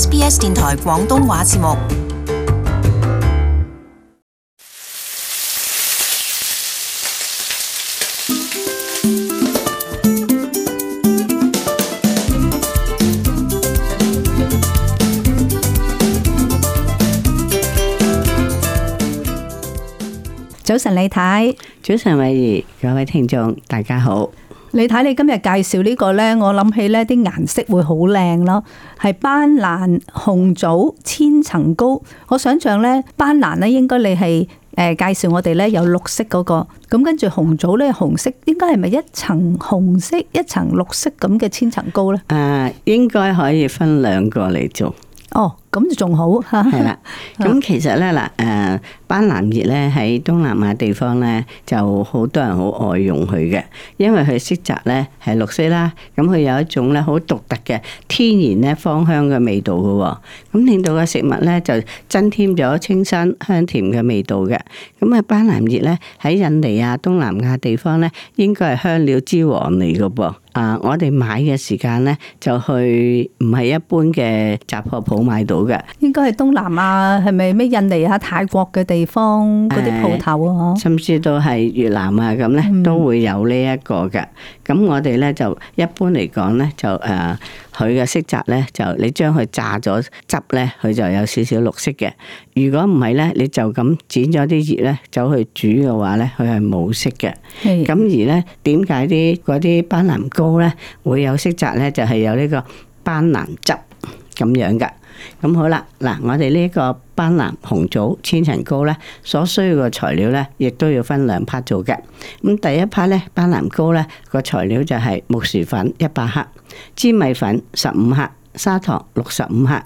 SBS 電台廣東話節目。早晨，李太，早晨，偉兒，各位聽眾，大家好。你睇你今日介紹呢個咧，我諗起咧啲顏色會好靚咯，係斑蘭、紅棗、千層糕。我想象咧斑蘭咧應該你係誒介紹我哋咧有綠色嗰個，咁跟住紅棗咧紅色，應該係咪一層紅色、一層綠色咁嘅千層糕咧？啊，應該可以分兩個嚟做。哦。咁就仲好嚇。係 啦，咁其實咧嗱，誒班蘭葉咧喺東南亞地方咧就好多人好愛用佢嘅，因為佢色澤咧係綠色啦，咁佢有一種咧好獨特嘅天然咧芳香嘅味道嘅，咁令到嘅食物咧就增添咗清新香甜嘅味道嘅。咁啊，班蘭葉咧喺印尼啊東南亞地方咧應該係香料之王嚟嘅噃。啊，我哋買嘅時間咧就去唔係一般嘅雜貨店買到。應該係東南亞，係咪咩印尼啊、泰國嘅地方嗰啲鋪頭啊，甚至都係越南啊咁咧，都會有呢一個嘅。咁我哋咧就一般嚟講咧就誒，佢嘅色澤咧就你將佢炸咗汁咧，佢就有少少綠色嘅。如果唔係咧，你就咁剪咗啲葉咧，走去煮嘅話咧，佢係冇色嘅。咁而咧，點解啲嗰啲斑蘭糕咧會有色澤咧？就係有呢個斑蘭汁咁樣噶。咁好啦，嗱，我哋呢個斑蘭紅棗千層糕咧，所需要嘅材料咧，亦都要分兩批做嘅。咁第一批咧，斑蘭糕咧個材料就係木薯粉一百克、粘米粉十五克、砂糖六十五克、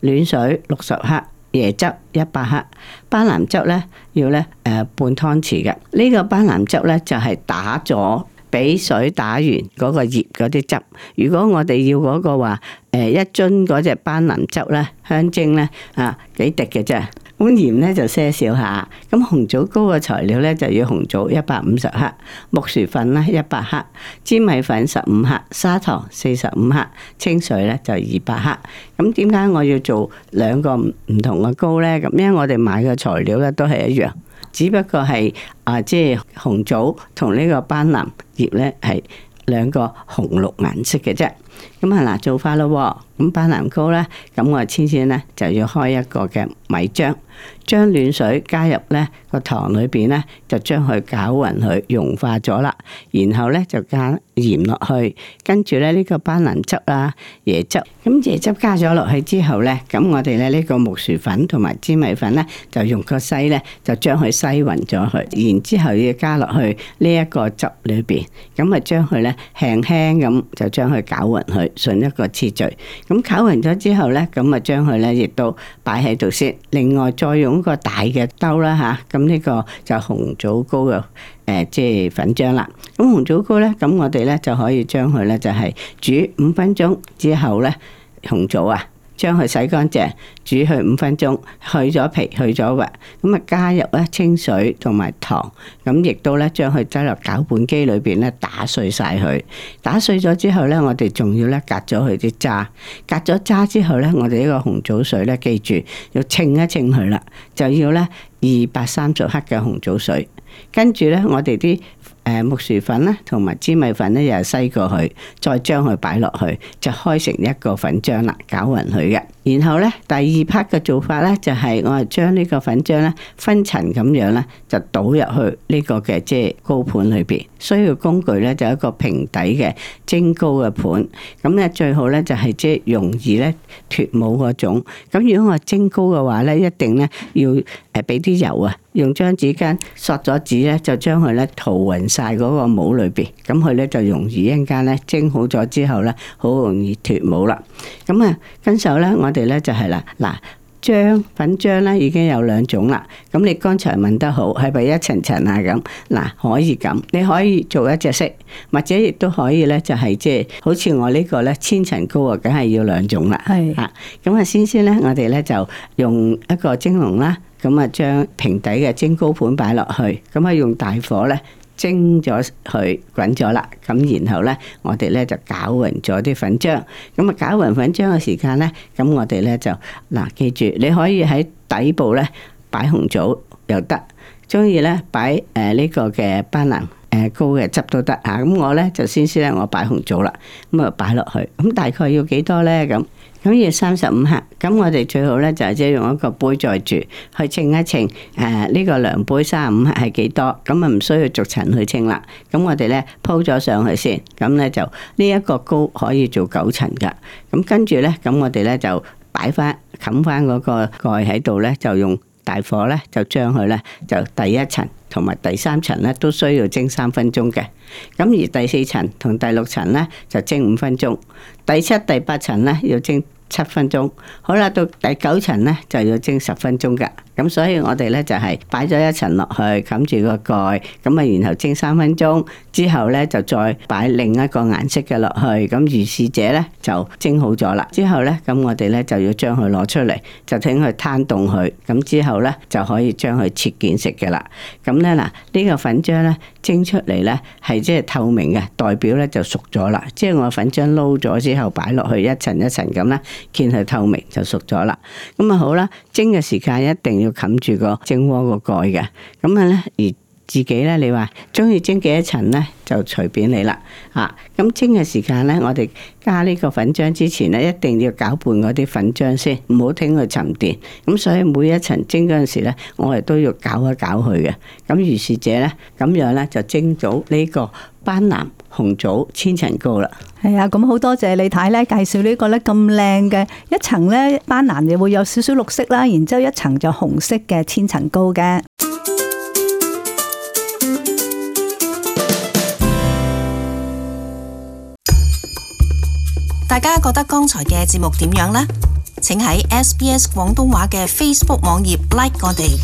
暖水六十克、椰汁一百克、斑蘭汁咧要咧誒、呃、半湯匙嘅。呢、這個斑蘭汁咧就係、是、打咗。俾水打完嗰個葉嗰啲汁，如果我哋要嗰個話，誒一樽嗰隻班蘭汁咧，香精咧，啊幾滴嘅啫，咁鹽咧就些少下，咁、嗯、紅棗糕嘅材料咧就要紅棗一百五十克，木薯粉啦一百克，粘米粉十五克，砂糖四十五克，清水咧就二百克。咁點解我要做兩個唔同嘅糕咧？咁因為我哋買嘅材料咧都係一樣。只不過係啊，即係紅棗同呢個斑藍葉咧，係兩個紅綠顏色嘅啫。咁啊嗱，做法咯，咁班蘭糕咧，咁我啊，千千咧就要開一個嘅米漿，將暖水加入咧個糖裏邊咧，就將佢攪匀佢溶化咗啦。然後咧就加鹽落去，跟住咧呢個班蘭汁啦、椰汁，咁椰汁加咗落去之後咧，咁我哋咧呢個木薯粉同埋芝麻粉咧，就用個篩咧就將佢篩匀咗去，然之後要加落去呢一個汁裏邊，咁啊將佢咧輕輕咁就將佢攪匀。佢順一個次序，咁、嗯、攪完咗之後咧，咁啊將佢咧亦都擺喺度先。另外再用一個大嘅兜啦吓，咁、啊、呢個就紅棗糕嘅誒，即、呃、係、就是、粉漿啦。咁、嗯、紅棗糕咧，咁我哋咧就可以將佢咧就係、是、煮五分鐘之後咧，紅棗啊。將佢洗乾淨，煮佢五分鐘，去咗皮，去咗核，咁啊加入咧清水同埋糖，咁亦都咧將佢擠落攪拌機裏邊咧打碎晒佢，打碎咗之後咧，我哋仲要咧隔咗佢啲渣，隔咗渣之後咧，我哋呢個紅棗水咧，記住要稱一稱佢啦，就要咧二百三十克嘅紅棗水，跟住咧我哋啲。誒，木薯粉咧，同埋粘米粉咧，又係篩過去，再將佢擺落去，就開成一個粉漿啦，攪勻佢嘅。然後咧，第二 part 嘅做法咧，就係、是、我係將呢個粉漿咧分層咁樣咧，就倒入去呢個嘅即係高盤裏邊。需要工具咧，就一個平底嘅蒸糕嘅盤。咁咧最好咧就係即係容易咧脫模嗰種。咁如果我蒸糕嘅話咧，一定咧要誒俾啲油啊，用張紙巾索咗紙咧，就將佢咧塗勻。晒嗰個帽裏邊，咁佢咧就容易一陣間咧蒸好咗之後咧，好容易脫毛啦。咁啊，跟手咧，我哋咧就係啦，嗱，漿粉漿咧已經有兩種啦。咁你剛才問得好，係咪一層層啊？咁嗱，可以咁，你可以做一隻色，或者亦都可以咧，就係即係好似我呢個咧千層糕啊，梗係要兩種啦。係啊，咁啊，先先咧，我哋咧就用一個蒸籠啦，咁啊，將平底嘅蒸糕盤擺落去，咁啊，用大火咧。蒸咗佢，滾咗啦，咁然後呢，我哋呢就攪勻咗啲粉漿，咁啊攪勻粉漿嘅時間呢？咁我哋呢就，嗱，記住你可以喺底部呢擺紅棗又得，中意呢擺誒呢個嘅班蘭。誒，高嘅汁都得啊！咁我咧就先先咧，我擺紅棗啦，咁啊擺落去，咁大概要幾多咧？咁咁要三十五克，咁我哋最好咧就即係用一個杯載住去稱一稱，誒呢個量杯三十五克係幾多？咁啊唔需要逐層去稱啦。咁我哋咧鋪咗上去先，咁咧就呢一個高可以做九層噶。咁跟住咧，咁我哋咧就擺翻冚翻嗰個蓋喺度咧，就用大火咧就將佢咧就第一層。同埋第三層咧都需要蒸三分鐘嘅，咁而第四層同第六層咧就蒸五分鐘，第七、第八層咧要蒸七分鐘，好啦，到第九層咧就要蒸十分鐘㗎。咁所以我哋咧就係擺咗一層落去冚住個蓋，咁啊然後蒸三分鐘之後咧就再擺另一個顏色嘅落去，咁如是者咧就蒸好咗啦。之後咧咁我哋咧就要將佢攞出嚟，就請佢攤凍佢，咁之後咧就可以將佢切件食嘅啦。咁咧嗱呢個粉漿咧蒸出嚟咧係即係透明嘅，代表咧就熟咗啦。即係我粉漿撈咗之後擺落去一層一層咁咧，見佢透明就熟咗啦。咁啊好啦，蒸嘅時間一定要。冚住個蒸鍋個蓋嘅，咁樣呢，而自己呢，你話中意蒸幾多層呢？就隨便你啦。啊，咁蒸嘅時間呢，我哋加呢個粉漿之前呢，一定要攪拌嗰啲粉漿先，唔好聽佢沉澱。咁、啊、所以每一層蒸嗰陣時呢，我哋都要攪一攪佢嘅。咁、啊、如是者呢，咁樣呢，就蒸到呢個斑蘭，紅棗千層糕啦，係啊！咁好多謝李太咧介紹呢個咧咁靚嘅一層咧，班蘭嘅會有少少綠色啦，然之後一層就紅色嘅千層糕嘅。 大家覺得剛才嘅節目點樣呢？請喺 SBS 廣東話嘅 Facebook 網頁 like 我哋。